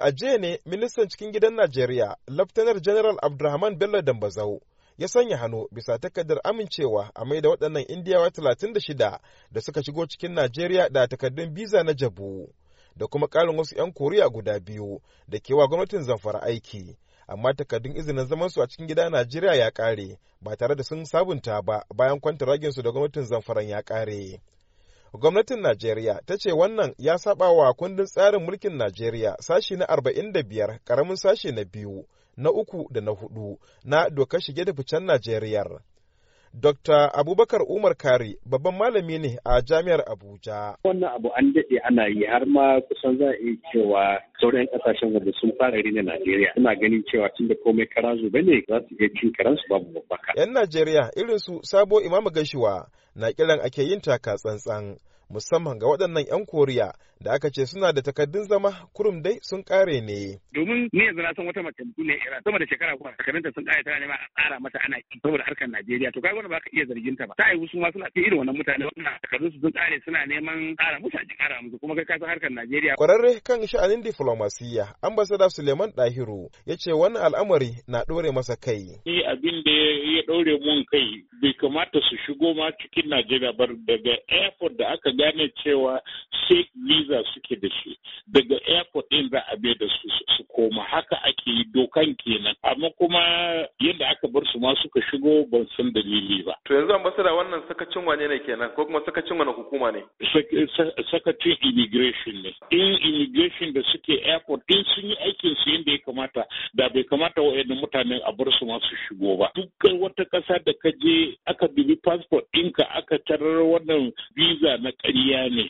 A jiya ne ministan cikin gidan Najeriya, Laftanar General Abdulrahman Bello Dambazau, ya sanya hannu bisa takardar amincewa a mai da waɗannan Indiyawa 36 da suka shigo cikin Najeriya da takardun biza na jabu, da kuma ƙarin wasu 'yan Koriya guda biyu da kewa gwamnatin zamfara aiki. Amma takardun izinin zaman su a cikin gida Najeriya ya ƙare ba tare da sun sabunta ba bayan ragin su da gwamnatin zamfaran ya ƙare. gwamnatin Najeriya ta ce wannan ya saba wa kundin tsarin mulkin Najeriya sashi na arba'in da biyar karamin sashi na biyu na uku da na hudu na dokar shige da ficen Najeriya Dr. Abubakar Umar Kari babban malami ne a Jami'ar Abuja. Wannan abu an daɗe ana yi har ma kusan za a iya cewa sauran ƙasashen wanda sun fara na Najeriya Ina ganin cewa tun da komai kara zube ne za su iya cin karansu babu babbaka. 'Yan Najeriya irin su Sabo Imamu Gashiwa na kiran ake yin taka tsantsan musamman ga waɗannan 'yan koriya da aka ce suna da takaddun zama kurum dai sun kare ne. Domin ni yanzu na san wata mace mutum ne Iran sama da shekara kuma takardunta sun kare tana nema a tsara mata ana yi saboda harkar Najeriya to kaga wani ba ka iya zargin ta ba. Ta aiwu su ma suna ce irin wannan mutane wannan takardun su sun kare suna neman tsara musu a kara musu kuma kai ka san harkar Najeriya. Kwararre kan sha'anin diflomasiyya ambasada Suleiman Dahiru ya ce wannan al'amari na ɗore masa kai. Ni abin da ya ɗore mun kai bai kamata su shigo ma cikin Najeriya ba daga airport da aka gane cewa fake visa suke da shi daga airport din za a bai da su su koma haka ake yi dokan kenan amma kuma yadda aka bar su ma suka shigo ban san dalili ba to yanzu da wannan sakacin wane ne kenan ko kuma sakacin wani hukuma ne sakacin immigration ne in immigration da suke airport din sun yi aikin su yadda ya kamata da bai kamata wa'annan mutane a bar su ma su shigo ba dukkan wata kasa da ka je aka bibi passport ɗinka aka tarar wannan visa na ƙarya ne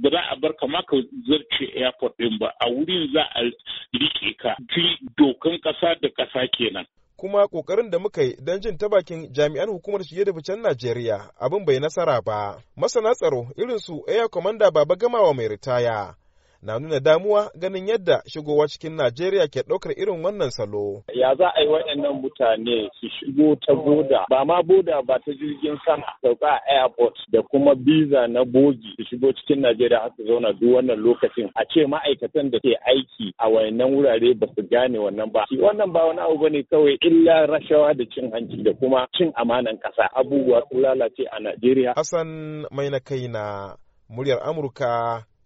ba za a bar kama ka zarce airport ɗin ba a wurin za a rike ka fi dokan ƙasa da ƙasa kenan. kuma kokarin da muka yi don jin ta bakin jami'an hukumar shige da ficen Najeriya abin bai nasara ba. Masana tsaro irin su Air Commander Baba Gamawa mai ritaya na nuna damuwa ganin yadda shigowa cikin Najeriya ke ɗaukar irin wannan salo. Ya za a yi waɗannan mutane su shigo ta boda ba ma boda ba ta jirgin sama sauka a airport da kuma biza na bogi su shigo cikin Najeriya har su zauna duk wannan lokacin a ce ma'aikatan da ke aiki a wayannan wurare ba su gane wannan ba. Wannan ba wani abu bane kawai illa rashawa da cin hanci da kuma cin amanan ƙasa abubuwa sun lalace a Najeriya. Hassan mai na kai na muryar Amurka